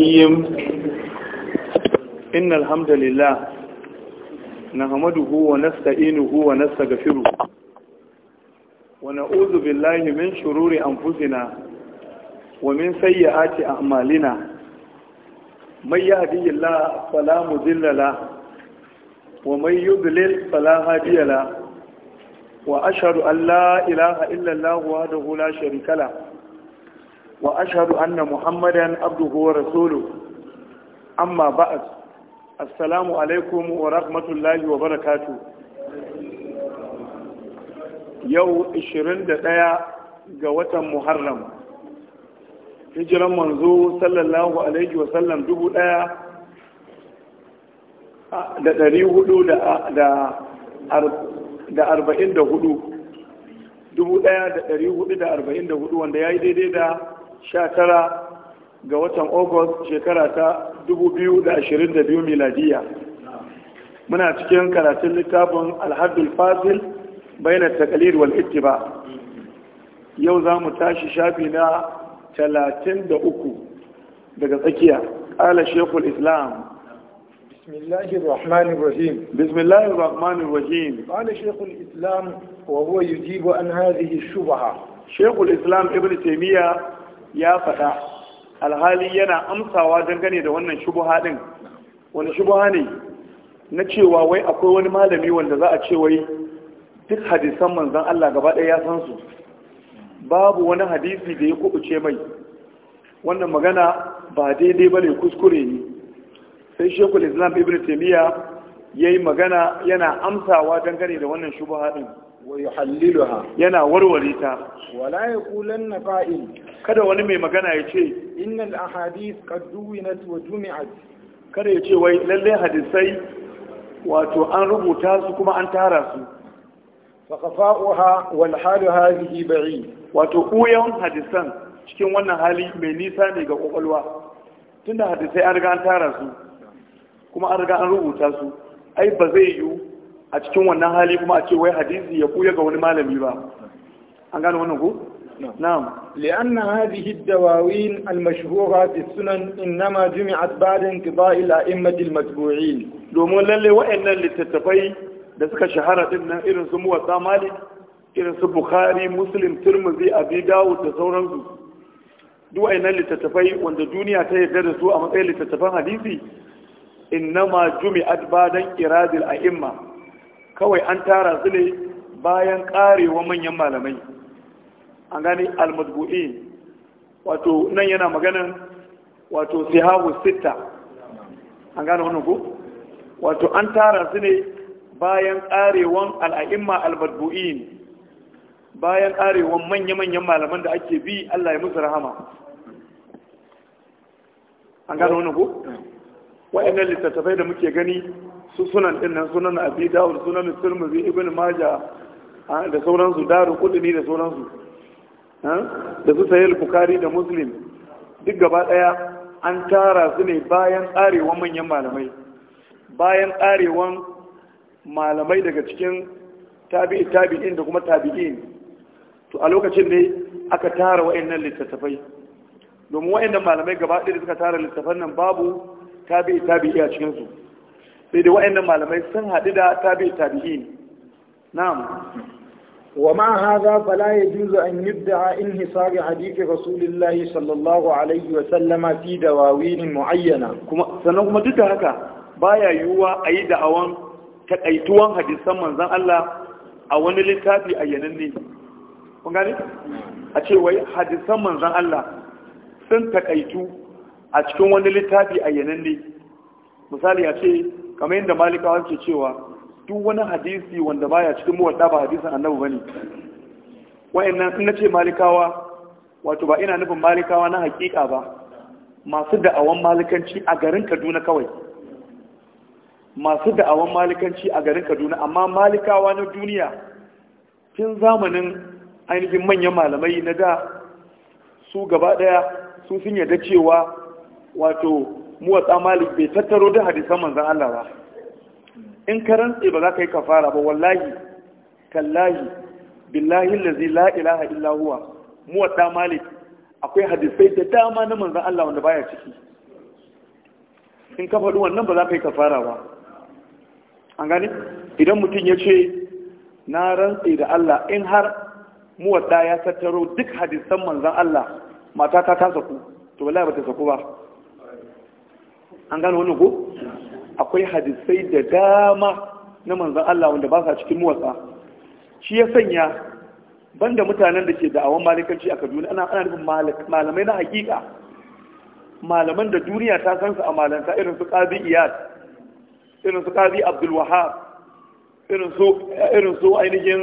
ƙayyim inna alhamdulillah na hamadu huwa na sa'inu huwa na sagafiru wane uzu billahi min shururi anfusina wa min sayi ake amalina mai yi hadiyyalla falamu zillala wa mai yi bilil falahadiyyala wa ashadu an la ilaha illallah wa hada hula sharikala وأشهد أن محمدا عبده ورسوله أما بعد السلام عليكم ورحمة الله وبركاته يو إشرين دقايا قوة محرم هجرا منذ صلى الله عليه وسلم دبو دقايا da ɗari hudu da arba'in da hudu dubu ɗaya da ɗari hudu da arba'in da hudu wanda ya yi daidai da 19 ga watan august shekara ta 2022 miladiya muna cikin karatun littafin alhaddul fasil bayan takalir wal ittiba yau za mu tashi shafi na 33 daga tsakiya ƙala shekul islam بسم الله الرحمن الرحيم بسم الله الرحمن الرحيم قال شيخ الإسلام وهو يجيب عن هذه الشبهة شيخ الإسلام ابن تيمية ya faɗa alhali yana amsawa dangane da wannan shubuha din wani shubuha ne na cewa wai akwai wani malami wanda za a ce wai duk hadisan manzan Allah gaba ɗaya ya san su babu wani hadisi da ya kubuce mai wannan magana ba daidai ba ne kuskure ne sai shekul islam ibn taimiyya ya yi magana yana amsawa dangane da wannan shubuha din ويحللها ينا وروريتا ولا يقولن قائل kada wani mai magana ya ce innal ahadith qad duwinat wa jumi'at kada ya ce wai lalle hadisai wato an rubuta su kuma an tara su fa wal hal hadhihi ba'id wato uyan hadisan cikin wannan hali mai nisa ne ga kokolwa tunda hadisai an riga an tara su kuma an riga an rubuta su ai ba zai yiwu a cikin wannan hali kuma a ce wai hadisi ya kuya ga wani malami ba an gane wannan ku? na'am li'anna hadhihi ad-dawawin al-mashhura fi sunan inma jumi'at ba'da inqida'i al-a'immati al-matbu'in domin lalle wa'annan littattafai da suka shahara din irin su muwatta malik irin su bukhari muslim tirmidhi abi dawud da sauran su duk wa'annan littattafai wanda duniya ta yarda da su a matsayin littattafan hadisi inma jumi'at ba'da inqida'i al-a'imma kawai an tara su ne bayan karewa manyan malamai an gane almadbu'in wato nan yana maganin wato sihawu sitta an gane wani ko wato an tara su ne bayan karewa al'a'imma almadbu'in bayan karewa manya-manyan malaman da ake bi Allah ya musu rahama an gane wani ko mm. wa'annan littattafai da muke gani su sunan din nan sunan abi dawud sunan tirmidhi ibn maja da sauransu daru kudini da sauransu da su sahih bukhari da muslim duk gaba daya an tara su ne bayan tsarewan manyan malamai bayan tsarewan malamai daga cikin tabi'i tabi'in da kuma tabi'in to a lokacin ne aka tara wa'annan littattafai domin wa'annan malamai gaba ɗaya da suka tara littattafan nan babu tabi'i tabi'i a cikinsu sai da wa'annan malamai sun haɗu da tabi tabi'in na'am wa ma hadha fala yajuzu an in inhisar hadith rasulillah sallallahu alaihi wa sallama fi dawawin muayyana kuma sannan kuma duk da haka baya yiwuwa ayi da'awan takaituwan hadisan manzon Allah a wani littafi ne kun gane a ce wai hadisan manzon Allah sun takaitu a cikin wani littafi ne misali a ce kamar yadda malikawa ke cewa duk wani hadisi wanda baya cikin muwadda ba hadisin annabi bane wayannan in nace malikawa wato ba ina nufin malikawa na hakika ba masu da'awan malikanci a garin Kaduna kawai masu da'awan malikanci a garin Kaduna amma malikawa na duniya tun zamanin ainihin manyan malamai na da su gaba ɗaya su sun yadda cewa wato muwatsa malik bai tattaro da hadisan manzan Allah ba in ka rantsi ba za ka yi kafara ba wallahi kallahi billahi lazi la ilaha illa huwa muwatsa malik akwai hadisai da dama na manzan Allah wanda baya ciki in ka faɗi wannan ba za ka yi kafara ba an gani idan mutum ya ce na rantsi da Allah in har muwatsa ya tattaro duk hadisan manzan Allah matata ta saku to wallahi ba ta saku ba an gano wani ko akwai hadisai da dama na manzan Allah wanda ba sa cikin muwasa shi ya sanya banda mutanen da ke awon malikanci a Kaduna ana ana nufin malamai na hakika malaman da duniya ta san su a malanta irin su Qadi Iyad irin su Qadi Abdul irin su irin su ainihin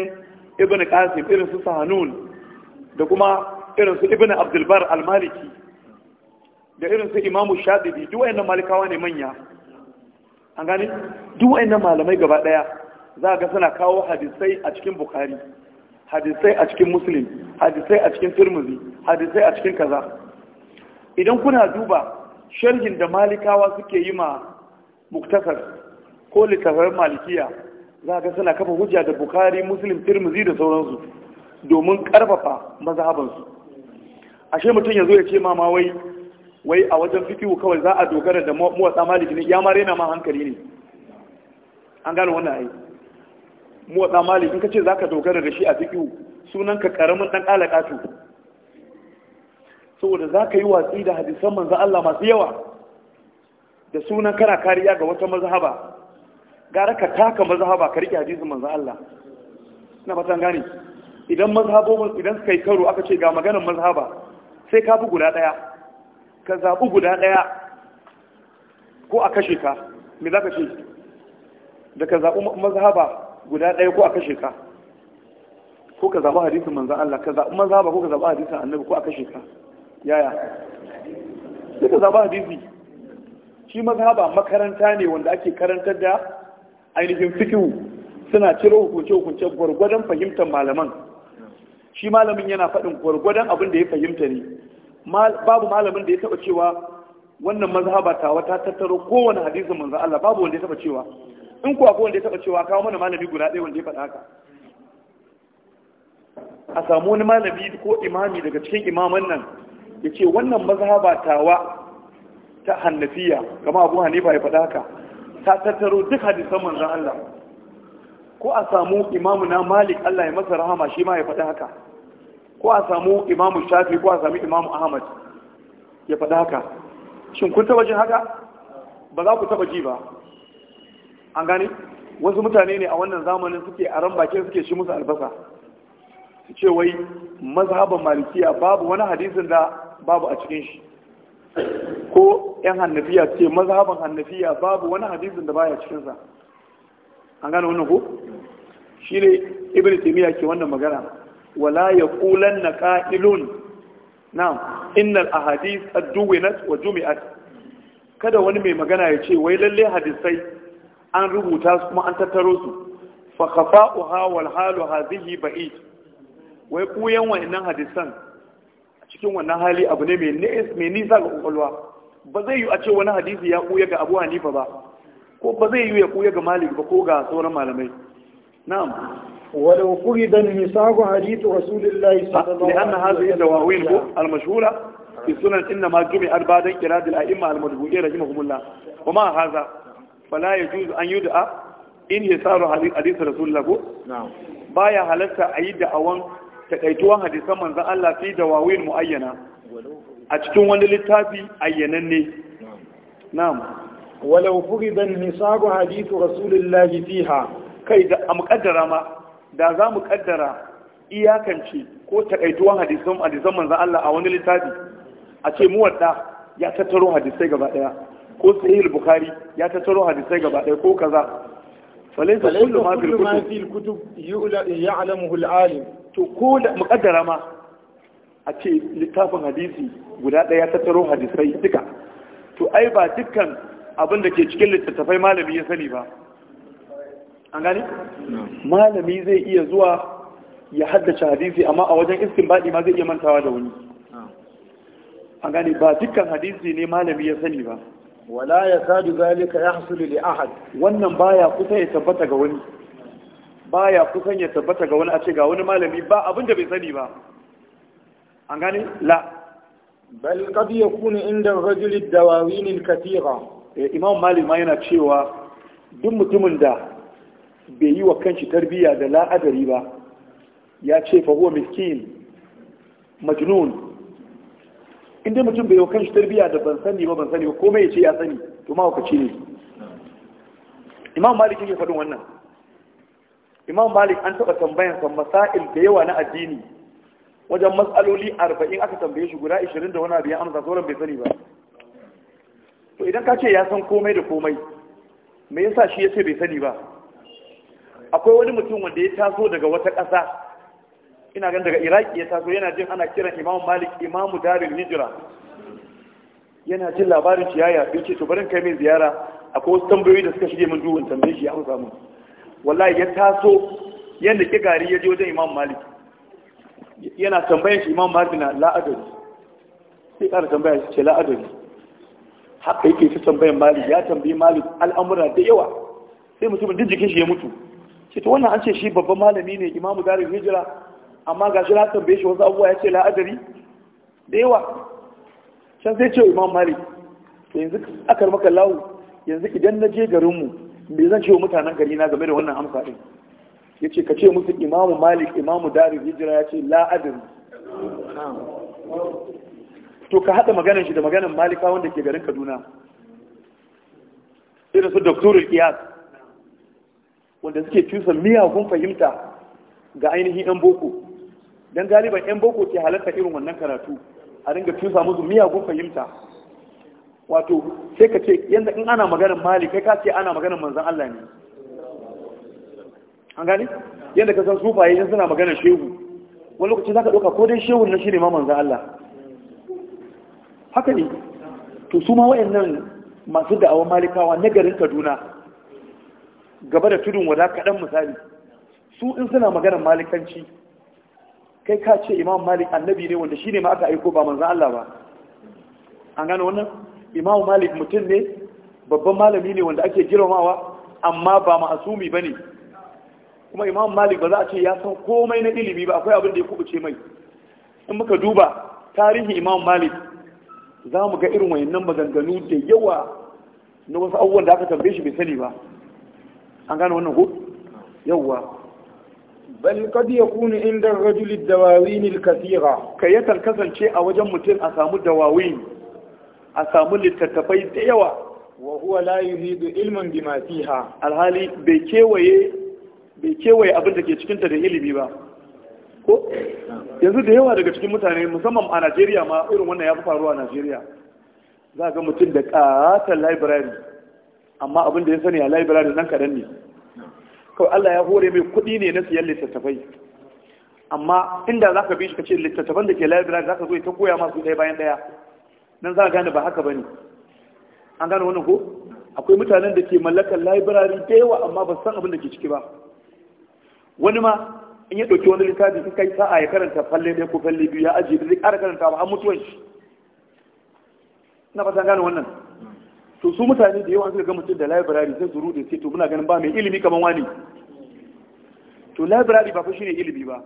Ibn Qasim irin su Sahanun da kuma irin su Ibn Abdul Bar al-Maliki da irin su imamu shadibi duk wayannan malikawa ne manya an gani, duk wayannan malamai gaba ɗaya za ga suna kawo hadisai a cikin bukhari hadisai a cikin muslim hadisai a cikin turmuzi hadisai a cikin kaza idan kuna duba sharhin da malikawa suke yi ma muktasar ko littafar malikiya za ga suna kafa hujja da bukhari muslim turmuzi da sauransu domin karfafa mazhabansu ashe mutum ya ya ce mama wai wai a wajen fikihu kawai za a dogara da muwatsa maliki ne ya mara yana ma hankali ne an gane wannan ai muwatsa maliki in ka ce za ka dogara da shi a fikihu sunan ka karamin dan alaƙatu saboda za ka yi watsi da hadisan manzo Allah masu yawa da sunan kana kariya ga wata mazhaba gara ka taka mazhaba ka rike hadisin manzo Allah ina fatan gane idan mazhabobin idan suka yi karo aka ce ga maganar mazhaba sai ka bi guda daya ka zaɓi guda ɗaya ko a kashe ka me za ka ce da ka zaɓi mazhaba guda ɗaya ko a kashe ka ko ka zaɓi hadisin manzan Allah ka zaɓi mazhaba ko ka zaɓi hadisin annabi ko a kashe ka yaya sai ka zaɓi hadisi shi mazhaba makaranta ne wanda ake karantar da ainihin fikihu suna ciro hukunce-hukunce gwargwadon fahimtar malaman shi malamin yana faɗin gwargwadon abin da ya fahimta ne babu malamin da ya taba cewa wannan mazhaba ta wata tattaro kowane hadisin manzo Allah babu wanda ya taba cewa in kuwa ko wanda ya taba cewa kawo mana malami guda ɗaya wanda ya faɗa haka a samu wani malami ko imami daga cikin imaman nan ya ce wannan mazhaba tawa ta hannafiya kama abu hanifa ya faɗa haka ta tattaro duk hadisan manzo Allah ko a samu imamu na malik Allah ya masa rahama shi ma ya faɗi haka ko a samu imamu shafi ko a samu imamu ahmad ya faɗa haka shin kun taba jin haka ba za ku taba ji ba an gane wasu mutane ne a wannan zamanin suke a ran bakin suke shi musu albasa su ce wai mazhaban malikiya babu wani hadisin da babu a cikin shi ko yan hannafiya ce mazhaban hannafiya babu wani hadisin da baya cikinsa? an gane wannan ko ne ibnu taymiya ke wannan magana wala ya kulan na ان na'am innal دونت وجمعت wa kada wani mai magana ya ce wai lalle hadisai an rubuta su kuma an tattaro su fa khafa'uha wal halu hadhihi ba'id wai kuyan wannan hadisan a cikin wannan hali abu ne mai nisa ga kokolwa ba zai yi a ce wani hadisi ya kuya ga abu hanifa ba ko ba zai yi ya kuya ga malik ba ko ga sauran malamai na'am ولو فرض النساء حديث رسول الله صلى الله عليه وسلم لأن هذه الدواوين المشهورة في سنن إنما جمعت بعد انقراض الأئمة المدبوئين رحمهم الله وما هذا فلا يجوز أن يدعى in ya tsaro hadisa rasulullah ko baya halatta a yi da'awan takaituwan hadisan manzan Allah fi da wawin mu'ayyana a cikin wani littafi ayyananne na'am walau furidan nisabu hadisu rasulullah fiha kai da a ma da za mu kaddara iyakance ko takaituwan hadisan hadisan manzan Allah a wani littafi a ce muwadda ya tattaro hadisai gaba daya ko sahih bukhari ya tattaro hadisai gaba daya ko kaza falaysa kullu ma fil kutub ya'lamuhu al-alim to ko da kaddara ma a ce littafin hadisi guda daya tattaro hadisai duka to ai ba dukkan abin da ke cikin littattafai malami ya sani ba an gani? malami zai iya zuwa ya haddace hadisi amma a wajen iskin baɗi ma zai iya mantawa da wani an gani ba dukkan hadisi ne malami ya sani ba wala ya sadu zalika ya hasu lili ahad wannan baya kusa ya tabbata ga wani baya kusan ya tabbata ga wani a ce ga wani malami ba abin da bai sani ba an gani la bal qad yakunu inda ar-rajul ad-dawawin al-kathira eh, imam malik ma yana cewa duk mutumin da bai yi wa kanshi tarbiyya da la'adari ba ya ce fa huwa miskin majnun inda mutum bai yi wa kanshi tarbiyya da ban sani ba ban sani ba komai ya ce ya sani to ma wakaci ne imam malik yake faɗin wannan imam malik an taɓa tambayan san masail da yawa na addini wajen matsaloli arba'in aka tambaye shi guda ashirin da wani abu ya amsa sauran bai sani ba to idan ka ce ya san komai da komai me yasa shi ya ce bai sani ba akwai wani mutum wanda ya taso daga wata ƙasa ina gan daga iraki ya taso yana jin ana kiran imamu malik imamu darin Nijira. yana jin labarin shi ya ce to barin kai mai ziyara akwai wasu tambayoyi da suka shige min duhun tambaye shi ya amsa mun wallahi ya taso yadda ke gari ya je wajen imamu malik yana tambayan shi imamu malik na la'adari sai ƙara tambaya shi ce la'adari haka yake ta tambayan malik ya tambayi malik al'amura da yawa sai mutumin duk jikin shi ya mutu ce ta wannan an ce shi babban malami ne imamu darin hijira amma ga shi na bai shi wasu abubuwa ya ce la'adari da yawa can sai ce imam malik to yanzu akar maka lawu yanzu idan na je garinmu me zan ce wa mutanen gari na game da wannan amsa din ya ce ka ce musu imamu malik imamu darin hijira ya ce la'adari to ka haɗa maganar shi da maganar malika wanda ke garin kaduna irin su doktorul iyas wanda suke cusa miyagun fahimta ga ainihin 'yan boko don galiban 'yan boko ke halarta irin wannan karatu a dinga cusa musu miyagun fahimta wato sai ka ce yadda in ana maganar mali kai ka ce ana maganar manzan Allah ne an gani yadda ka san sufaye yan suna maganar shehu wani lokaci za ka ɗauka ko dai Shehu na shi ne ma manzan Allah haka ne to su ma wayannan masu da'awar malikawa na garin Kaduna gaba da tudun wada kaɗan misali su in suna maganar malikanci kai ka ce imam malik annabi ne wanda shi ne ma aka aiko ba manzan Allah ba an gano wannan imam malik mutum ne babban malami ne wanda ake girmamawa amma ba ma'asumi ba ne kuma imam malik ba za a ce ya san komai na ilimi ba akwai abin da ya kubuce mai in muka duba tarihin imam malik za mu ga irin wayannan maganganu da yawa na wasu abubuwan da aka tambaye shi bai sani ba an gane wannan ko yawwa bal kad yakunu inda ad dawawin al-kathira kay kasance a wajen mutum a samu dawawin a samu littattafai da yawa wa huwa la yuhidu ilman bima fiha alhali bai kewaye bai kewaye abin da ke cikin da ilimi ba yanzu da yawa daga cikin mutane musamman a Najeriya ma irin wannan ya fi faruwa a Najeriya za ga mutum da ƙaton library amma abin da ya sani a da nan kaɗan ne kawai Allah ya hore mai kuɗi ne na siyan littattafai amma inda za ka bi shi ka ce littattafan da ke laibira za ka zo ta koya masu ɗaya bayan ɗaya nan za ka gane ba haka ba ne an gane wannan ko akwai mutanen da ke mallakar laibira da yawa amma ba san abin da ke ciki ba wani ma in ya ɗauki wani littafi in kai sa'a ya karanta falle ɗaya ko falle biyu ya ajiye da zai ƙara karanta ba har mutuwan shi ina fata gane wannan to su mutane da yawa suka ga mutum da library sai su rude sai to muna ganin ba mai ilimi kaman wani to library ba fa shine ilimi ba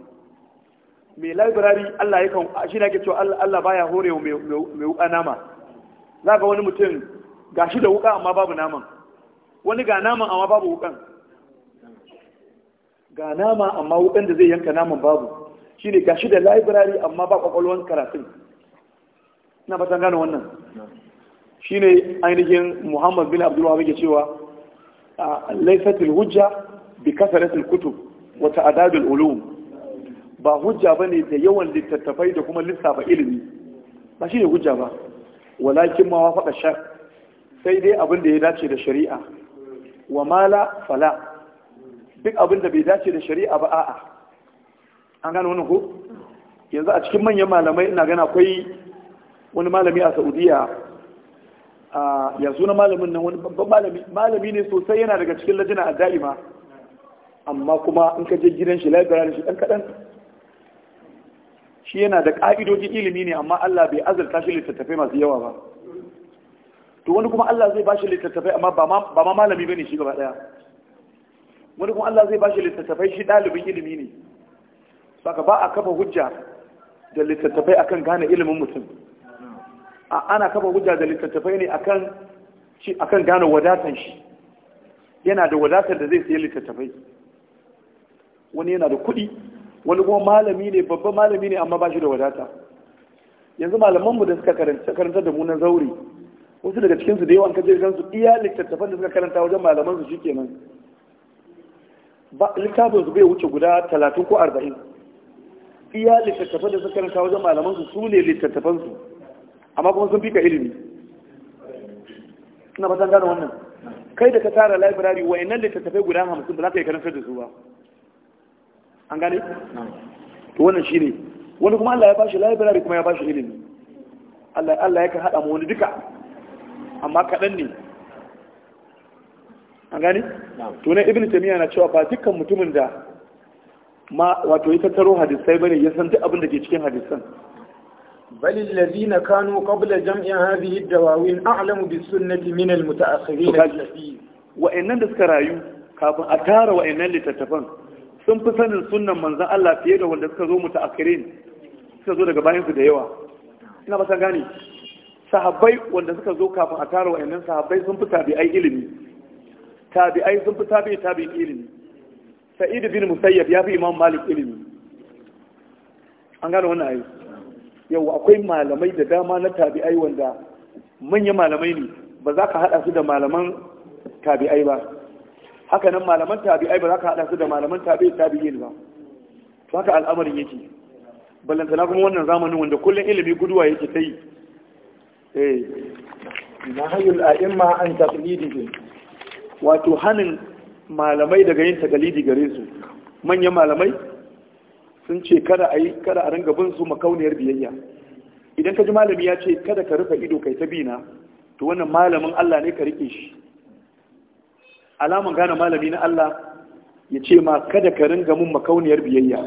mai library Allah ya shi ne ake cewa Allah baya horewa mai wuka nama za ga wani mutum gashi da wuka amma babu naman wani ga naman amma babu wukan ga nama amma wukan da zai yanka naman babu shine gashi da library amma ba kwakwalwan karatun ina ba gane wannan shine ainihin Muhammad bin Abdul Wahab cewa a laifatul hujja bi kasaratul kutub wata adadul ulum ba hujja bane da yawan littattafai da kuma lissafa ilimi ba shine hujja ba walakin ma wafaqa shar sai dai abin da ya dace da shari'a wa mala fala duk abin da bai dace da shari'a ba a'a an gano wani ko yanzu a cikin manyan malamai ina gana akwai wani malami a Saudiya ya suna malamin nan wani babban malami malami ne sosai yana daga cikin lajina a da'ima amma kuma in ka je gidan shi labarar shi dan kadan shi yana da ka'idojin ilimi ne amma Allah bai azurta shi littattafai masu yawa ba to wani kuma Allah zai bashi littattafai amma ba ma malami bane shi gaba daya wani kuma Allah zai bashi littattafai shi dalibin ilimi ne saka ba a kafa hujja da littattafai akan gane ilimin mutum ana kafa hujja da littattafai ne akan shi akan wadatan shi yana da wadatar da zai sayi littattafai wani yana da kuɗi wani kuma malami ne babban malami ne amma ba shi da wadata yanzu malamanmu da suka karanta da mu na zauri wasu daga cikinsu da yawan kaje gansu iya littattafan da suka karanta wajen malaman su shikenan littafin su bai wuce guda talatin ko arba'in iya littattafan da suka karanta wajen malaman su su ne littattafan su amma kuma sun fi ka ilimi ina fatan gano wannan kai da ka tara library wayannan littattafai guda hamsin ba za ka yi karantar da su ba an gane to wannan shine wani kuma Allah ya bashi library kuma ya bashi ilimi Allah Allah yakan hada mu wani duka amma kadan ne an gane to ne ibnu tamiya na cewa ba dukkan mutumin da ma wato ya tattaro hadisai bane ya san duk abin da ke cikin hadisan بل الذين كانوا قبل جمع هذه الدواوين أعلم بالسنة من المتأخرين وإنن دسكرايو kafin a tara wa'annan littattafan sun fi sanin sunan manzan Allah fiye da wanda suka zo mu ta'akirin suka zo daga bayansu da yawa ina ba gane sahabbai wanda suka zo kafin a tara wa'annan sahabbai sun fi tabi'ai ilimi tabi'ai sun fi tabi'i tabi'i ilimi sa'id bin musayyab ya fi imam malik ilimi an gane wannan ayi yau akwai malamai da dama na tabi'ai wanda manyan malamai ne ba za ka haɗa su da malaman tabi'ai ba haka nan malaman tabi'ai ba za ka haɗa su da malaman tabi'ai tabi'in ba to haka al'amarin yake ballantana kuma wannan zamanin wanda kullum ilimi guduwa yake ta yi eh nahayul a'imma an taqlidihim wato hanin malamai daga yin taqlidi gare su manyan malamai sun ce kada a yi kada a ringa bin su makauniyar biyayya idan ka ji malami ya ce kada ka rufe ido kai ta bina to wannan malamin Allah ne ka rike shi alaman gane malami na Allah ya ce ma kada ka ringa mun makauniyar biyayya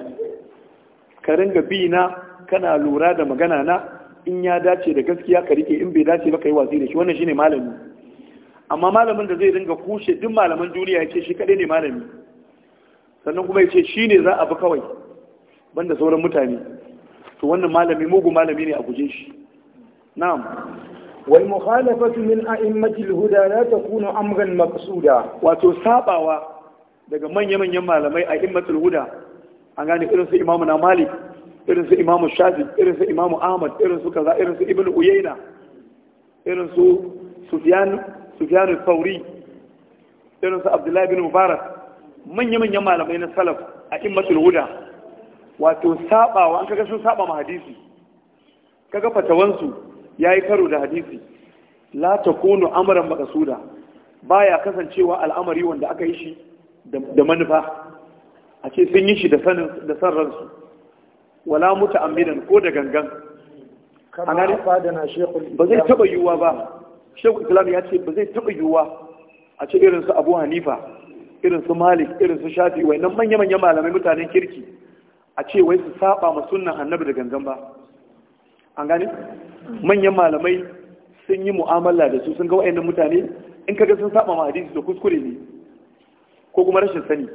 ka ringa bina kana lura da magana na in ya dace da gaskiya ka rike in bai dace ba kai watsi da shi wannan shine malami amma malamin da zai ringa kushe duk malaman duniya ya ce shi kadai ne malami sannan kuma ya ce shi ne za a bi kawai banda sauran mutane to wannan malami mugu malami ne a guje shi na'am wal mukhalafatu min a'immatil huda la takunu amran maqsuda wato sabawa daga manya manyan malamai a immatul huda an gane irin su imamu na malik irin su imamu shafi irin su imamu ahmad irin su kaza irin su ibnu uyayna irin su sufyan sufyan al-thawri irin su abdullahi bin mubarak manya manyan malamai na salaf a immatul huda wato sabawa an kaga sun saba ma hadisi kaga fatawansu yayi karo da hadisi la takunu amran maqsuda baya kasancewa al'amari wanda aka yi shi da manufa a ce sun yi shi da sanin da san ransu wala muta'ammidan ko da gangan anare ba zai taba yuwa ba shehu islam ya ce ba zai taba yuwa a ce irin su abu hanifa irin su malik irin su shafi wayannan manya-manyan malamai mutanen kirki a ce wai su saba ma sunan annabi da gangan ba an gane manyan malamai sun yi mu'amala da su sun ga wa'annan mutane in kaga sun saba ma hadisi da kuskure ne ko kuma rashin sani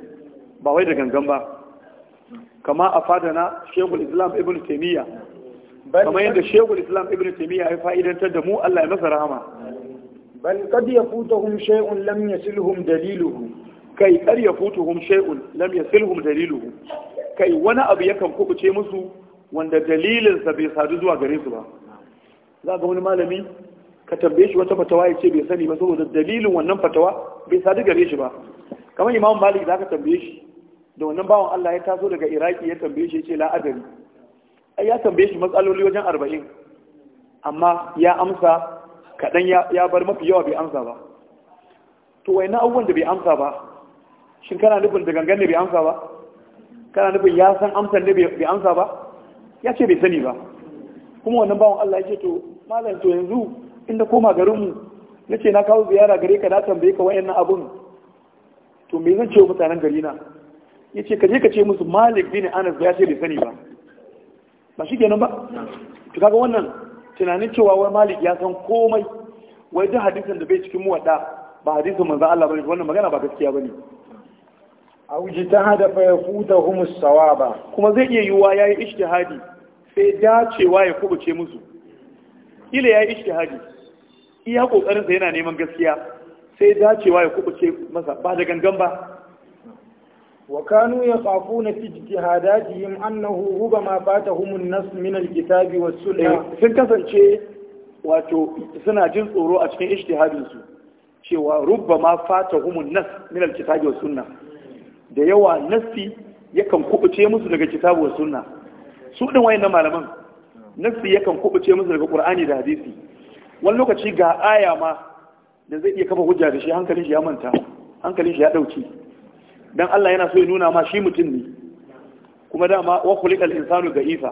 ba wai da gangan ba kama a fadana shekul islam ibn taymiya kamar yadda shekul islam ibn taymiya ya fa'idantar da mu allah ya masa rahama bal qad yafutuhum shay'un lam yasilhum daliluhu kai kar yafutuhum shay'un lam yasilhum daliluhu kai wani abu yakan kubuce musu wanda dalilinsa bai sadu zuwa gare su ba za ga wani malami ka tambaye shi wata fatawa ya ce bai sani ba saboda dalilin wannan fatawa bai sadu gare shi ba kamar imam malik za ka tambaye shi da wannan bawan allah ya taso daga iraki ya tambaye shi ya ce la'adari ai ya tambaye shi matsaloli wajen arba'in amma ya amsa kaɗan ya bar mafi yawa bai amsa ba to wai na abubuwan da bai amsa ba shin kana nufin da gangan ne bai amsa ba kana nufin ya san amsar ne bai amsa ba ya ce bai sani ba kuma wannan bawan Allah ya ce to malam to yanzu inda koma garinmu na ce na kawo ziyara gare ka na tambaye ka wayannan abun to me zan ce wa mutanen gari na ya ce ka je ka ce musu malik bin anas ya ce bai sani ba ba shi kenan ba to kaga wannan tunanin cewa wai malik ya san komai wai duk hadisin da bai cikin muwadda ba hadisin manzo Allah bane wannan magana ba gaskiya bane a ta hada fa ya futa humus sawaba kuma zai iya yiwuwa ya yi sai dacewa ya kubuce musu ila ya yi iya iya sa yana neman gaskiya sai dacewa ya kubuce masa ba da gangan ba wa kanu yakhafuna fi ijtihadatihim annahu ma fatahum an-nas min al-kitabi was-sunnah eh, sun kasance wato suna jin tsoro a cikin ijtihadin su cewa ma fatahum an-nas min al-kitabi was-sunnah da yawa nassi yakan kubuce musu daga kitabu sunna su din wayannan malaman nassi yakan kubuce musu daga qur'ani da hadisi wani lokaci ga aya ma da zai iya kafa hujja da shi hankalin shi ya manta hankalin shi ya dauke dan Allah yana so ya nuna ma shi mutum ne kuma dama wa khuliqal insanu da'ifa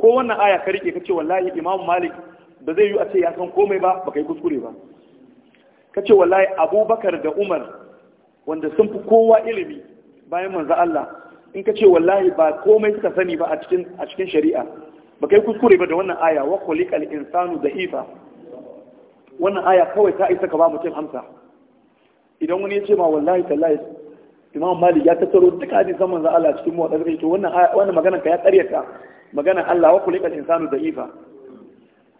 ko wannan aya ka rike kace wallahi imam malik ba zai yi a ce ya san komai ba baka yi kuskure ba kace wallahi abubakar da umar wanda sun fi kowa ilimi bayan manzo Allah in ka ce wallahi ba komai suka sani ba a cikin a cikin shari'a ba kai kuskure ba da wannan aya wa khuliqal insanu ifa. wannan aya kawai ta isa ka ba mutum amsa idan wani ya ce ma wallahi tallahi imam malik ya tattaro duka hadisan manzo Allah cikin mu wadanda to wannan wannan ka ya karyata maganar Allah wa khuliqal insanu ifa.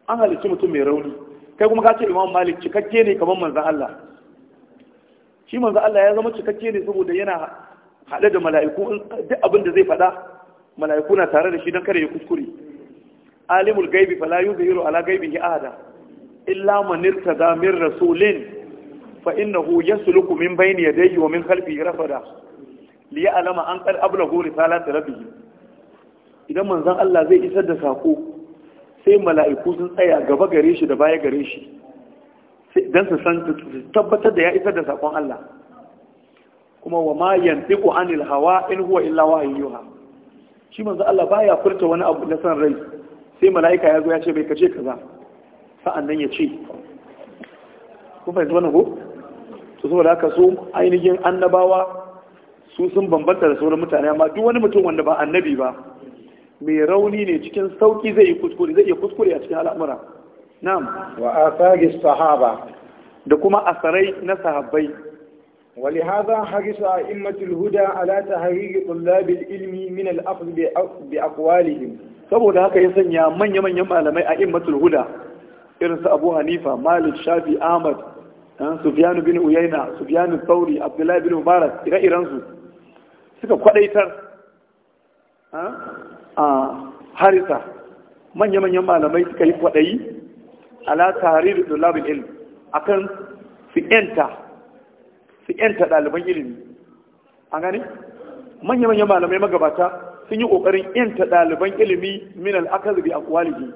an halicci mutum mai rauni kai kuma ka ce imam malik cikakke ne kamar manzo Allah shi manzo Allah ya zama cikakke ne saboda yana haɗe da mala'iku duk abin da zai faɗa mala'iku na tare da shi don kada ya kuskure alimul gaibi fala yuzhiru ala gaibihi ahada illa man irtada min rasulin fa innahu yasluku min bayni yadayhi wa min khalfihi rafada li ya'lama an qad ablaghu risalati rabbih idan manzon Allah zai isar da sako sai mala'iku sun tsaya gaba gare shi da baya gare shi don su san tabbatar da ya isar da sakon Allah kuma wa ma yantiqu anil hawa in huwa illa wahyuha shi manzo Allah baya furta wani abu na san rai sai malaika ya zo ya ce bai kace kaza sa'annan ya ce Kun fahimci wannan ko to saboda haka su ainihin annabawa su sun bambanta da sauran mutane amma duk wani mutum wanda ba annabi ba mai rauni ne cikin sauki zai yi kuskure zai iya kuskure a cikin al'amura na'am wa asari sahaba da kuma asarai na sahabbai ولهذا حرص أئمة الهدى على تحرير طلاب العلم من الأخذ بأقوالهم saboda haka ya sanya manya-manyan malamai a immatul huda irin su Abu Hanifa, Malik, Shafi, Ahmad, eh, Sufyan bin Uyaina, Sufyan Thauri, Abdullah bin Mubarak, ire-iren su suka kwadaitar eh, a harisa manya-manyan malamai suka yi kwadayi ala tahrir da labin akan su kan su yanta ɗaliban ilimi a gani manya manya malamai magabata sun yi ƙoƙarin yanta ɗaliban ilimi min al'akaz bi aqwalihi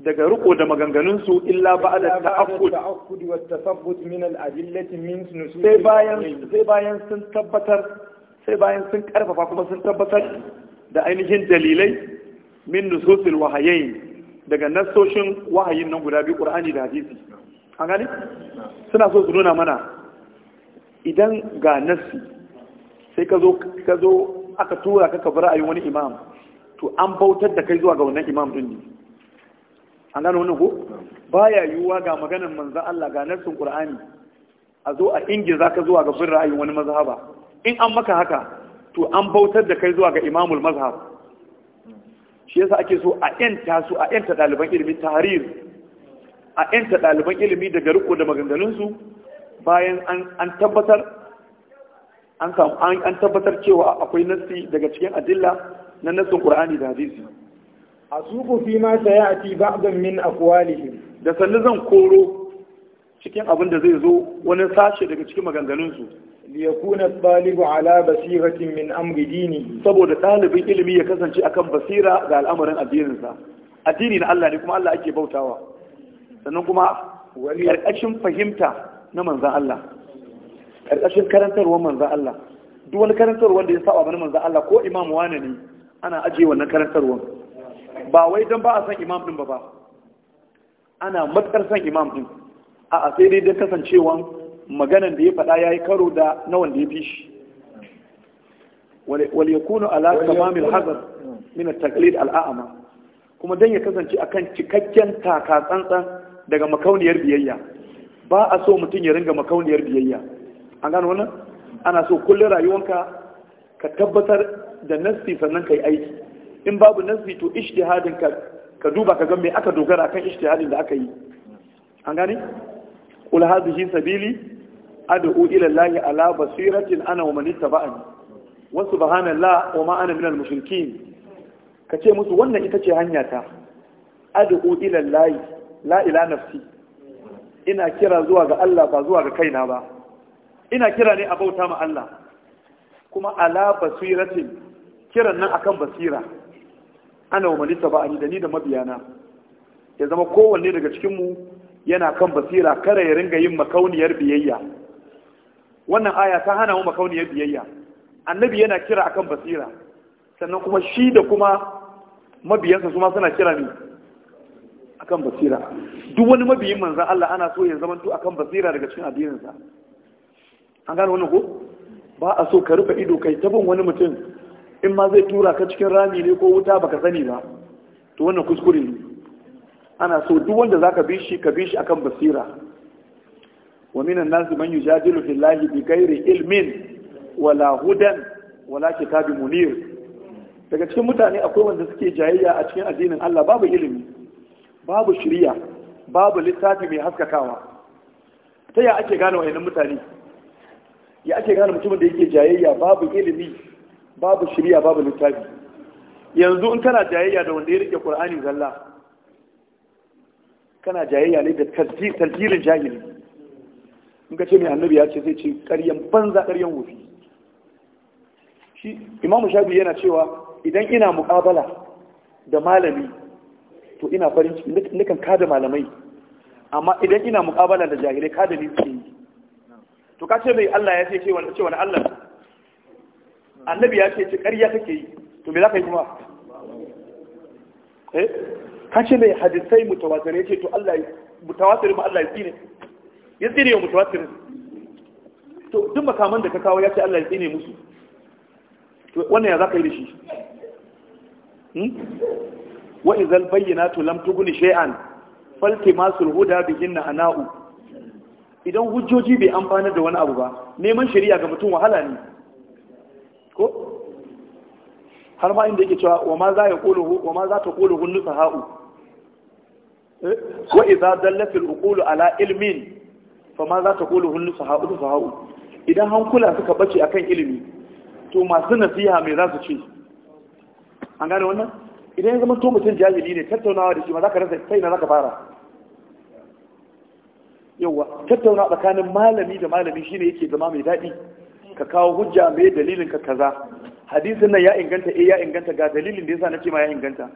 daga riko da maganganunsu illa ba da ta'akkud wata tasabbut min al-adillati min nusus sai bayan sai bayan sun tabbatar sai bayan sun karfafa kuma sun tabbatar da ainihin dalilai min nususil wahayain daga nassoshin wahayin nan guda biyu ƙur'ani da hadisi an gani suna so su nuna mana idan ga nassi sai ka zo aka tura ka ka bar ayi wani imam to an bautar da kai zuwa ga wannan imam din ne an gani wannan ko baya yiwuwa ga maganar manzon Allah ga nassin ƙur'ani a zo a ingiza ka zuwa ga bin ra'ayin wani mazhaba in an maka haka to an bautar da kai zuwa ga imamul mazhab shi yasa ake so a yanta su a yanta ɗaliban ilimi tahrir a yanta ɗaliban ilimi daga riko da maganganunsu bayan an tabbatar an samu an tabbatar cewa akwai nassi daga cikin adilla na nassin qur'ani da hadisi asubu fi ma sayati ba'dan min aqwalihim da sannu zan koro cikin abin da zai zo wani sashe daga cikin maganganunsu liyakuna talibu ala basiratin min amri dini saboda ɗalibin ilimi ya kasance akan basira ga al'amarin addininsa addini na Allah ne kuma Allah ake bautawa sannan kuma ƙarƙashin fahimta na manzan Allah ƙarƙashin karantarwar manzan Allah duk wani karantarwar da ya saba bani manzan Allah ko imam wani ne ana ajiye wannan karantarwar ba wai don ba a san imam din ba ba ana matsar san imam din a a sai dai don kasancewa. maganan da ya faɗa ya yi karo da na wanda ya fi shi wal yakunu ala tamamil hazar min at-taqlid al-a'ma kuma dan ya kasance a kan cikakken taka tsantsan daga makauniyar biyayya ba a so mutum ya ringa makauniyar biyayya an gano wannan ana so kulle rayuwanka ka tabbatar da nassi sannan ka yi aiki in babu nassi to ishtihadin ka ka duba ka ga me aka dogara kan ishtihadin da aka yi an gane ad'u ila Allah ala basiratin ana wa man ittaba'ani wa subhanallah wa ma ana minal mushrikin kace musu wannan ita ce hanya ta ad'u ila Allah la ila nafsi ina kira zuwa ga Allah ba zuwa ga kaina ba ina kira ne a bauta ma Allah kuma ala basiratin kiran nan akan basira ana wa man ittaba'ani da ni da mabiyana ya zama kowanne daga cikinmu yana kan basira kare ya ringa yin makauniyar biyayya wannan aya ta hana mu makauniyar biyayya annabi yana kira akan basira sannan kuma shi da kuma mabiyansa su ma suna kira ne akan basira duk wani mabiyin manzan Allah ana so ya zamanto akan basira daga cikin addininsa an gane wannan ko ba a so ka rufe ido kai ta bin wani mutum in ma zai tura ka cikin rami ne ko wuta baka sani ba to wannan kuskure ne ana so duk wanda zaka bi shi ka bi shi akan basira ومن الناس من يجادل في الله bi علم ilmin هدى ولا wala kitabin daga cikin mutane akwai wanda suke jayayya a cikin addinin Allah babu ilimi babu shiriya babu littafi mai haskakawa ta ya ake gane wayannan mutane ya ake gane mutumin da yake jayayya babu ilimi babu shiriya babu littafi yanzu in kana jayayya da wanda ya rike Qur'ani zalla kana jayayya ne da tasdirin jahili in ka ce mai annabi ya ce zai ce karyan banza karyan wufi shi imamu shafi yana cewa idan ina muƙabala da malami to ina farin ciki nukan kada malamai amma idan ina muƙabala da jahilai kada ni ke yi to ka ce mai Allah ya ce ce wani Allah annabi ya ce ce karya kake yi to me za ka yi kuma eh? ka ce mai hadisai mutawatare ce to Allah mutawatare ma Allah ya tsine ya tsine wa mutuwatir to duk makaman da ka kawo ya ce Allah ya tsine musu to wannan ya za ka yi da shi hmm? wa izal bayyinatu lam tughni shay'an faltimasul huda bihin ana'u idan hujjoji bai amfana da wani abu ba neman shari'a ga mutum wahala ne ko har ma inda yake cewa wa ma za ya qulu wa ma za ta qulu hunnu sahau ko eh? idza dalla fil uqulu ala ilmin fa ma za ka kulu hullu su faha'u idan hankula suka bace akan ilimi to masu nasiha mai za su ce an gane wannan idan ya zama to mutum jahili ne tattaunawa da shi ma za ka rasa sai na za ka fara yawa tattauna tsakanin malami da malami shine yake zama mai daɗi ka kawo hujja mai dalilin ka kaza hadisin nan ya inganta eh ya inganta ga dalilin da yasa na ce ma ya inganta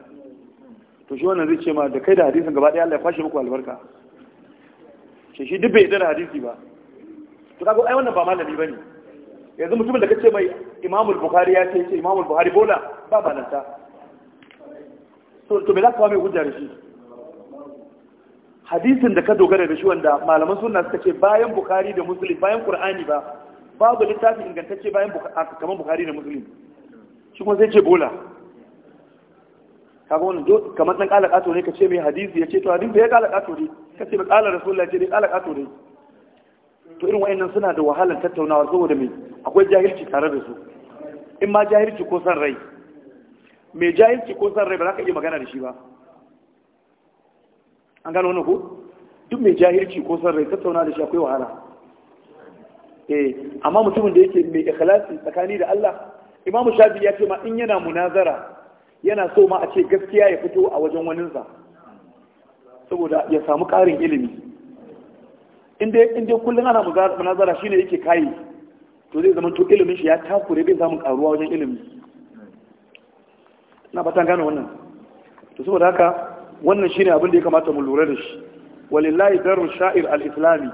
to shi wannan zai ce ma da kai da hadisin gaba ɗaya Allah ya kwashe muku albarka shi shi duk bai da hadisi ba to kaga ai wannan ba malami bane yanzu mutumin da kace mai Imam Bukhari ya ce ce Imam Bukhari bola ba balanta to to me za ka kawo mai hujja da shi hadisin da ka dogara da shi wanda malaman sunna suka ce bayan Bukhari da Muslim bayan Qur'ani ba babu littafi ingantacce bayan kamar Bukhari da Muslim shi kuma sai ce bola kaga wannan duk kamar dan kala kato ne ka ce mai hadisi ya ce to hadisi ya kala kato ne ka ce ba kala rasulullahi ce ne kala kato ne to irin wayannan suna da wahalar tattaunawa saboda me akwai jahilci tare da su in ma jahilci ko san rai mai jahilci ko san rai ba za ka iya magana da shi ba an gano wannan ko duk mai jahilci ko san rai tattauna da shi akwai wahala eh amma mutumin da yake mai ikhlasi tsakani da Allah imamu shafi ya ce ma in yana munazara yana so ma a ce gaskiya ya fito a wajen waninsa saboda ya samu ƙarin ilimi inda kullum ana munazara shine yake kayi to zai zama to ilimin shi ya takure bai samun ƙaruwa wajen ilimi na fatan gane wannan to saboda haka wannan shine abin da ya kamata mu lura da shi walillahi darul sha'ir al-islami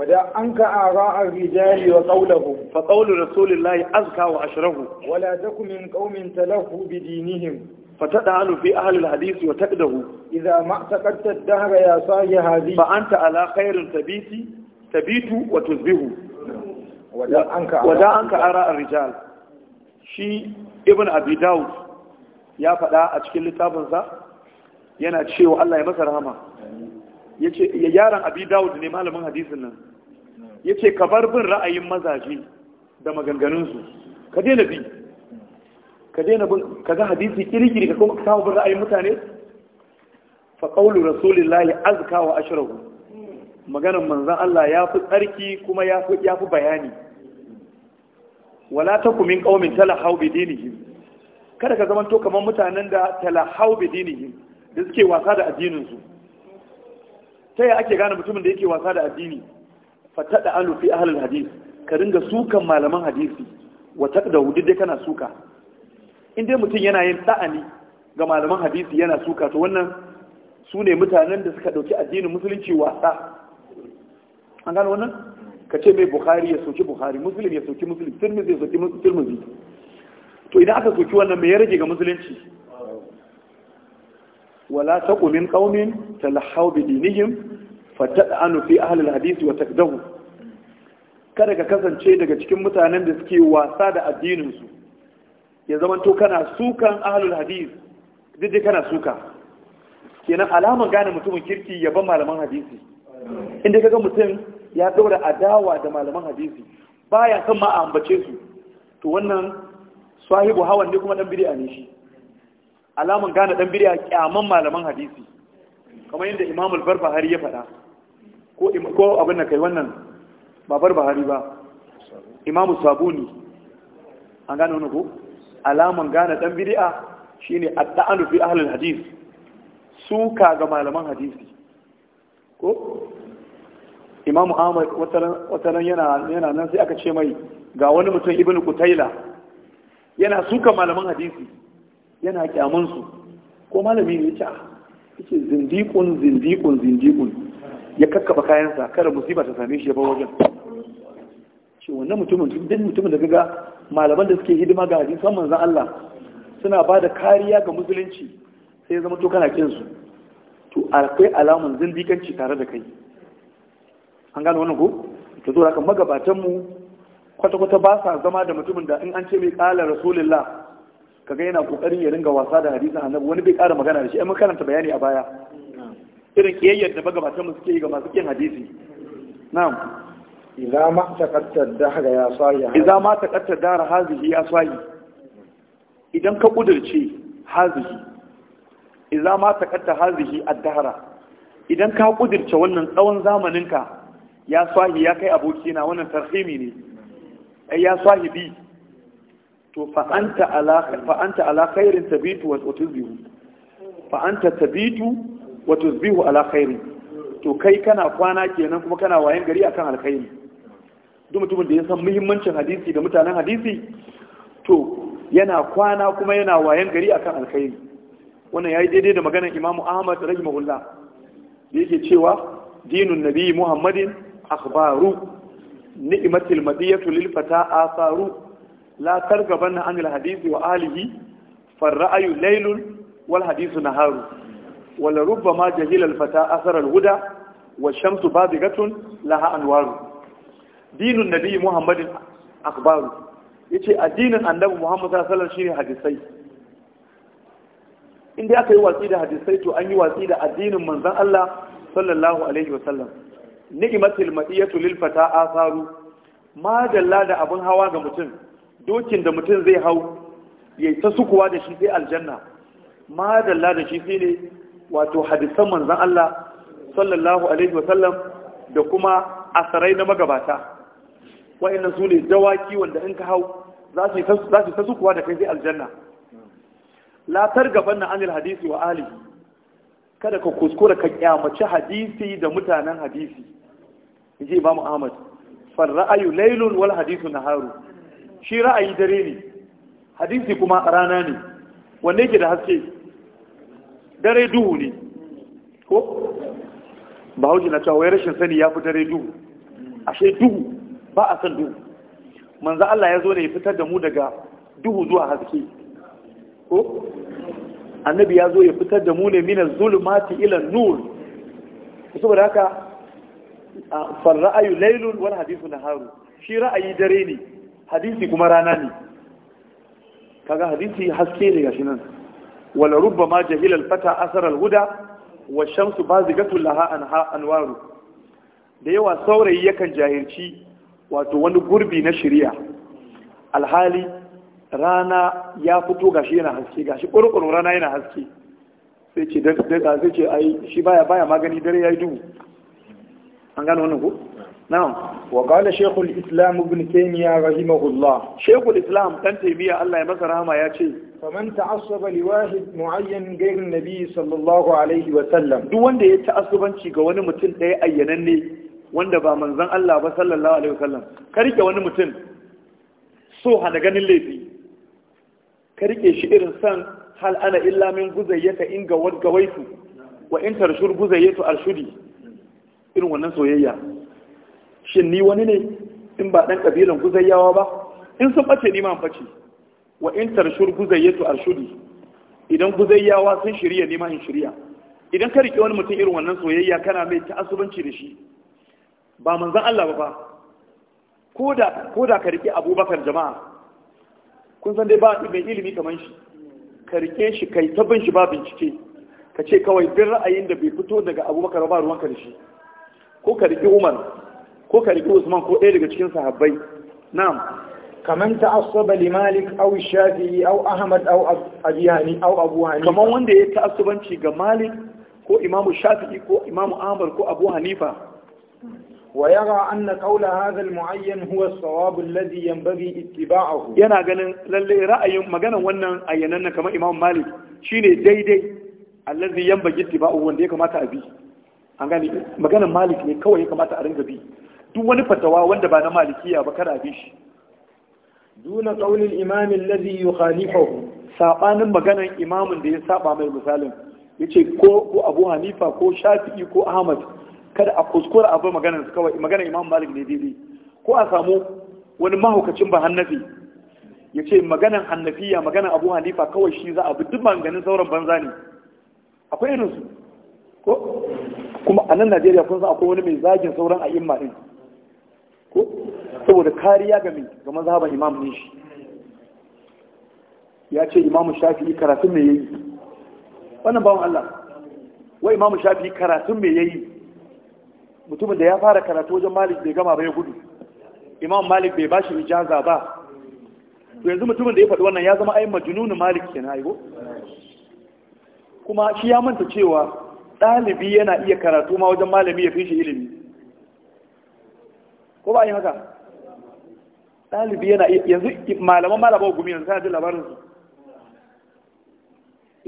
ودا أنك آراء الرجال وقولهم فقول رسول الله أزكى وأشره ولا تكن من قوم تلفوا بدينهم فتدعن في أهل الحديث وتقده إذا ما اعتقدت الدهر يا صاحي هذه فأنت على خير تبيت تبيت وتزبه ودا أنك, ودا أنك آراء الرجال شي ابن أبي داود يا فلا أتكلم تابنزا yana cewa Allah ya masa rahama yace yaron abi dawud ne malamin hadisin nan yace ka bar bin ra'ayin mazaje da maganganunsu ka daina bi ka daina bin ka ga hadisi kirkiri ka kuma samu bin ra'ayin mutane fa qawlu rasulillahi azka wa ashrahu maganar manzon Allah ya fi tsarki kuma ya fi ya fi bayani wala taku min qaumin talahau bi dinihim kada ka zamanto kamar mutanen da talahau bi dinihim da suke wasa da addinin su ta ya ake gane mutumin da yake wasa da addini fatada alu fi ahlul hadis ka ringa sukan malaman hadisi wa da hudu dai kana suka in dai mutum yana yin da'ani ga malaman hadisi yana suka to wannan su ne mutanen da suka dauki addinin musulunci wasa an gano wannan ka ce mai bukhari ya soki bukhari Musulmi ya soki Musulmi, tirmidhi ya soki tirmidhi to idan aka soki wannan me ya rage ga musulunci wala taqu min qaumin talahaw bi dinihim fatad'anu fi ahli hadisi wa takdahu kada ka kasance daga cikin mutanen da suke wasa da addinin su ya zamanto kana sukan ahlul hadith duk kana suka kenan alama gane mutumin kirki ya ban malaman hadisi inda kaga mutum ya ɗaura adawa da malaman hadisi baya son ma a ambace su to wannan sahibu hawan ne kuma dan bid'a ne shi Alamun gane dan birya kyaman malaman hadisi kamar yadda Imam al-Barbahari ya faɗa ko ko abin da kai wannan ba Barbahari ba Imam Sabuni an gane wannan ko Alamun gane dan shi shine at-ta'anu fi ahli al-hadith suka ga malaman hadisi ko Imam Ahmad wataran yana yana nan sai aka ce mai ga wani mutum Ibn Qutayla yana suka malaman hadisi yana kyaman su ko malami ne ya ce ah, zindikun zindikun zindikun ya kakkaba kayansa kada musiba ta same shi ya bar wajen shi wannan mutumin duk mutumin da gaga malaman da suke hidima ga san manzon Allah suna ba da kariya ga musulunci sai ya zama to kana kin su to akwai alamun zindikanci tare da kai an gano wannan ko ta zo haka magabatan mu kwata-kwata ba sa zama da mutumin da in an ce mai kala rasulullah kaga yana kokari ya ringa wasa da hadisin annabi wani bai ƙara magana da shi amma karanta bayani a baya irin kiyayyar da baga mu suke yi ga masu kin hadisi na'am idza ma taqatta dahra ya sayi idza ma taqatta dahra hazihi ya sayi idan ka kudurce hazihi idza ma taqatta hazihi ad-dahra idan ka kudurce wannan tsawon zamaninka ya sahi ya kai abokina wannan tarhimi ne ai ya sahibi to fa'anta ala khairin tabitu wa tuzbihu fa'anta tabitu wa tuzbihu ala to kai kana kwana kenan kuma kana wayan gari akan alkhairi duk mutumin da ya san muhimmancin hadisi da mutanen hadisi to yana kwana kuma yana wayan gari akan alkhairi wannan yayi daidai da maganar Imam Ahmad rahimahullah da yake cewa dinun nabi Muhammadin akhbaru ni'matil madiyatu lil fata asaru la targaban na anil hadisi wa alihi farra'ayu lailun wal hadisu haru. wala rubba ma jahil alfata asarar alhuda wa shamsu badigatun laha anwaru dinun nabi muhammadin akbaru Ya ce addinin annabi Muhammadu sallallahu alaihi wasallam shine hadisai inda aka yi watsi da hadisai to an yi watsi da addinin manzon Allah sallallahu alaihi wasallam ni'matul madiyatu lil fata asaru madalla da abun hawa ga mutum dokin da mutum zai hau ya ta sukuwa da shi sai aljanna ma da shi sai ne wato hadisan manzan Allah sallallahu alaihi wa sallam, da kuma asarai na magabata wa'annan su ne dawaki wanda in ka hau za su ta sukuwa da kai sai aljanna latar gaban na anil hadisi wa Ali, kada ka kuskura ka kyamaci hadisi da mutanen hadisi yaje mu ahmad far ra'ayu laylun wal hadisu naharu shi ra'ayi dare ne hadisi kuma rana ne wanne yake da haske dare duhu ne ko ba hauji na cewa rashin sani ya fi dare duhu ashe duhu ba a san duhu manzo Allah ya zo ne ya fitar da mu daga duhu zuwa haske ko annabi ya zo ya fitar da mu ne mina zulmati ila nur saboda haka ra'ayu laylun wal hadithu naharu shi ra'ayi dare ne hadisi kuma rana ne kaga hadisi haske ne gashi nan wala rubba ma jahila alfata asar alhuda wa shamsu bazigatu laha anha anwaru da yawa saurayi yakan jahilci wato wani gurbi na shari'a alhali rana ya fito gashi yana haske gashi kurkuru rana yana haske sai ce daga sai ce ai shi baya baya magani dare yayi duhu an gano wannan ko na'am wa qala shaykhul islam ibn taymiya rahimahullah shaykhul islam dan taymiya Allah ya masarama ya ce faman ta'assaba li wahid mu'ayyan ghayr nabi sallallahu alaihi wa sallam duk wanda ya ta'assubanci ga wani mutum ɗaya ayyananne wanda ba manzon Allah ba sallallahu alaihi wa sallam ka rike wani mutum so hana ganin laifi ka rike shi irin san hal ana illa min guzayyata in ga wa irin wannan soyayya shin ni wani ne in ba dan ƙabilan guzayyawa ba in sun bace ni ma ɓace wa in tarshur guzayyatu arshudi idan guzayyawa sun shirya ni ma in shirya idan ka rike wani mutum irin wannan soyayya kana mai ta'asubanci da shi ba manzon Allah ba ba ko da ka riƙe Abubakar jama'a kun san dai ba mai ilimi kaman shi ka riƙe shi kai ta bin shi ba bincike ka ce kawai duk ra'ayin da bai fito daga Abubakar ba ruwanka da shi ko ka riƙe Umar ko ka usman ko ɗaya daga cikin sahabbai na'am kaman ta'assaba li malik aw shafi'i aw ahmad aw abi aw abu hanifa kaman wanda ya ta'assubanci ga malik ko imamu shafi'i ko imamu ahmad ko abu hanifa Wa ويرى أن قول هذا المعين هو الصواب الذي ينبغي اتباعه yana ganin lalle ra'ayin maganan wannan ayyanan kaman Imam Malik shine daidai allazi yanbaghi ittiba'u wanda ya kamata a bi an gani maganan Malik ne kawai ya kamata a ringa bi duk wani fatawa wanda ba na malikiya ba kada bi shi duna qaulil imam alladhi yukhalifuhu sabanin maganan imamin da ya saba mai misalin yace ko ko Abu Hanifa ko Shafi'i ko Ahmad kada a kuskura abu maganar su kawai maganar Imam Malik ne daidai ko a samu wani mahaukacin ba hannafi yace maganar hannafiya maganar Abu Hanifa kawai shi za a bi duk maganin sauran banza ne akwai irin su ko kuma a nan Najeriya kun san akwai wani mai zagin sauran a'imma din ko saboda kariya ga mai ga mazhaban imam ne shi ya ce imam shafi'i karatun me yayi wannan bawon Allah wai imam shafi'i karatun me yayi mutumin da ya fara karatu wajen malik bai gama ba ya gudu imam malik bai bashi ijaza ba to yanzu mutumin da ya faɗi wannan ya zama ayin majnunun malik kenan ai kuma shi ya manta cewa ɗalibi yana iya karatu ma wajen malami ya fi shi ilimi ko ba yi haka ɗalibi yana yanzu malaman malaba gumi yanzu kana jin labarin su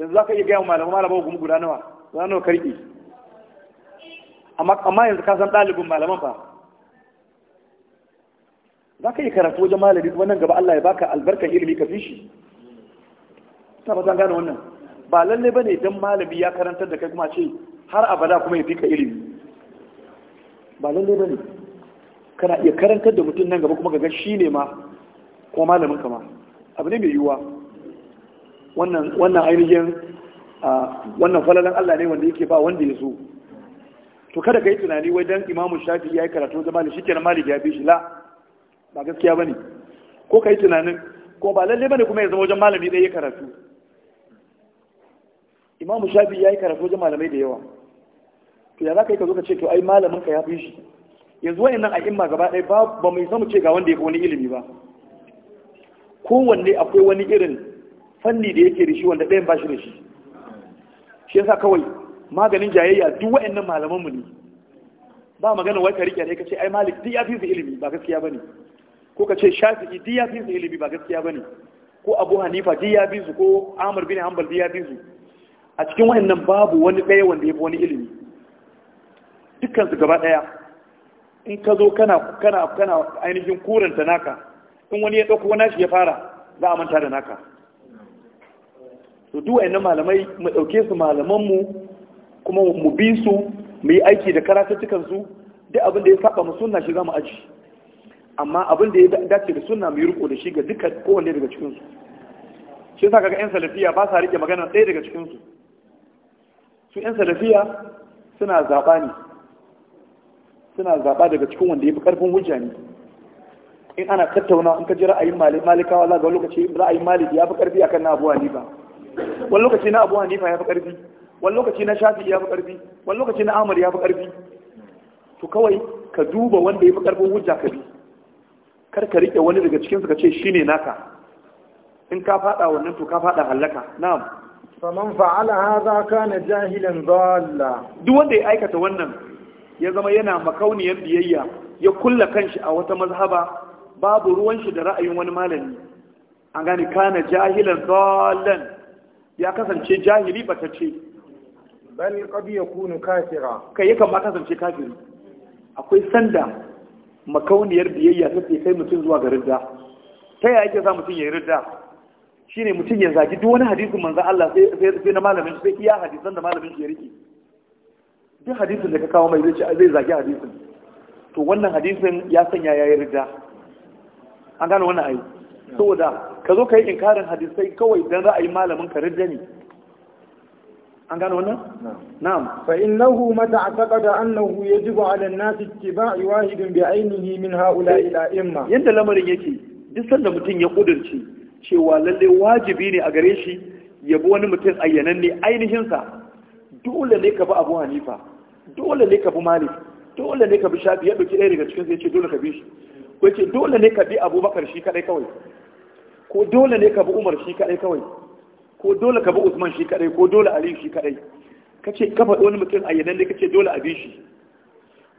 yanzu za ka iya gaya malaman malaba gumi guda nawa za nawa karki amma yanzu ka san ɗalibin malaman ba za ka yi karatu wajen malami kuma nan gaba Allah ya baka albarkar ilimi ka fi shi ta ba gane wannan ba lalle ba ne don malami ya karantar da kai kuma ce har abada kuma ya fi ka ilimi ba lalle ba ne kana iya karantar da mutum nan gaba kuma ga shi ne ma kuma malamin kama abu ne mai yiwuwa wannan ainihin wannan falalan Allah ne wanda yake ba wanda ya so to kada ka yi tunani wai dan imamu shafi ya yi karatu da malik shikenan malik ya bi shi la ba gaskiya bane ko ka yi tunanin ko ba lalle bane kuma ya zama wajen malami ɗaya ya karatu imamu shafi ya yi karatu wajen malamai da yawa to ya za ka yi ka zo ka ce to ai malamin ka ya bi shi yanzu wayannan a'imma gaba ɗaya ba ba mu samu ce ga wanda ya wani ilimi ba kowanne akwai wani irin fanni da yake da shi wanda ɗayan ba shi da shi shi yasa kawai maganin jayayya duk wayannan malaman mu ne ba magana wai ka rike ne ka ce ai malik duk ya fi su ilimi ba gaskiya bane ko ka ce shafi'i duk ya fi su ilimi ba gaskiya bane ko abu hanifa duk ya fi su ko amr bin hanbal duk ya fi su a cikin wayannan babu wani ɗaya wanda ya fi wani ilimi dukkan su gaba ɗaya in ka zo kana kana kana ainihin kuranta naka in wani ya dauko nashi ya fara za a manta da naka to duk wayannan malamai mu dauke su malaman mu kuma mu bi su mu yi aiki da karatuttukan su duk abin da ya saba mu sunna shi za mu aji amma abin da ya dace da sunna mu yi riko da shi ga dukkan kowanne daga cikin su shi yasa kaga yan salafiya ba sa rike magana ɗaya daga cikin su su yan salafiya suna zaba ne suna zaɓa daga cikin wanda ya fi ƙarfin hujja ne in ana tattauna in ka ji ra'ayin malikawa za ga wani lokaci ra'ayin maliki ya fi ƙarfi kan na abu Nifa. wani lokaci na abu Nifa ya fi ƙarfi wani lokaci na shafi ya fi ƙarfi wani lokaci na amur ya fi ƙarfi to kawai ka duba wanda ya fi ƙarfin hujja ka bi kar ka riƙe wani daga cikin su ka ce shine naka in ka faɗa wannan to ka faɗa hallaka na'am faman fa'ala hadha kana jahilan dhalla duk wanda ya aikata wannan ya zama yana makauniyar biyayya ya kulla kanshi a wata mazhaba babu ruwan shi da ra'ayin wani malami an gane kana jahilan dallan ya kasance jahili batacce bal qad yakunu kafira kai yakan ma kasance kafiri akwai sanda makauniyar biyayya take kai mutum zuwa ga ridda ta yaya yake sa mutum ya yi ridda shine mutum ya zagi duk wani hadisin manzo Allah sai sai na malamin sai iya hadisan da malamin shi ya rike duk hadisin da ka kawo mai zai ce zai zagi hadisin to wannan hadisin ya sanya ya yi rida an gano wannan ayi saboda ka zo ka yi inkarin hadisai kawai don ra'ayin malamin ka rida ne an gano wannan na'am fa innahu mata aqada annahu yajibu ala an-nas ittiba'i wahidin bi ainihi min haula ila imma eh, yanda lamarin yake duk sanda mutum ya kudurci cewa lalle wajibi ne a gare shi ya bi wani mutum ayyanan ne ainihinsa dole ne ka bi abu hanifa dole ne ka bi malik dole ne ka bi shafi ya ɗauki ɗaya daga cikin sai ce dole ka bi shi ko ce dole ne ka bi abubakar shi kaɗai kawai ko dole ne ka bi umar shi kaɗai kawai ko dole ka bi usman shi kaɗai ko dole ali shi kaɗai ka ce ka faɗi wani mutum a yadda ne ka ce dole a bi shi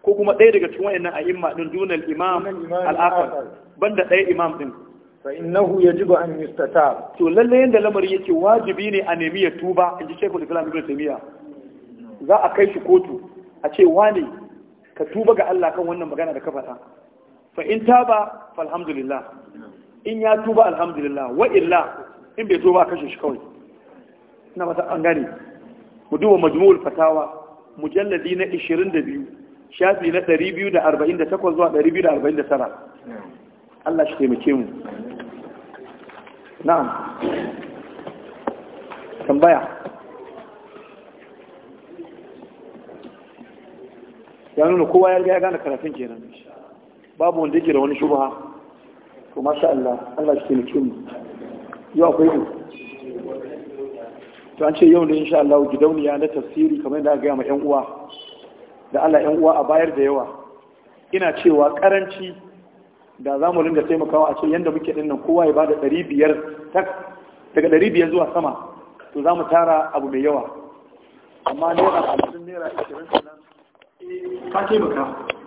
ko kuma ɗaya daga cikin wayannan a'imma din dunal imam al'akar banda ɗaya imam din fa innahu yajibu an yustatab to lalle yanda lamari yake wajibi ne a nemi ya tuba ji shekul islam ibn taymiya za a kai shi kotu a ce wane ka tuba ga Allah kan wannan magana da ka faɗa fa in ta fa falhamdulillah in ya tuba alhamdulillah wa illa in bai tuba kashe shi kawai ina mata an gane mu duba majmu'ul fatawa mujalladi na 22 shafi na 248 zuwa 249 Allah shi taimake mu na'am tambaya ya nuna kowa ya riga gane karatun kenan babu wanda yake da wani shubha to masha Allah Allah shi ne kimi yau akwai ne. to an ce yau ne insha Allah gidauniya na tafsiri kamar yadda ga gaya ma yan uwa da Allah yan uwa a bayar da yawa ina cewa karanci da za mu ringa taimakawa a ce yadda muke dinnan kowa ya bada ɗari biyar daga ɗari biyar zuwa sama to za mu tara abu mai yawa amma naira hamsin naira ashirin ka taimaka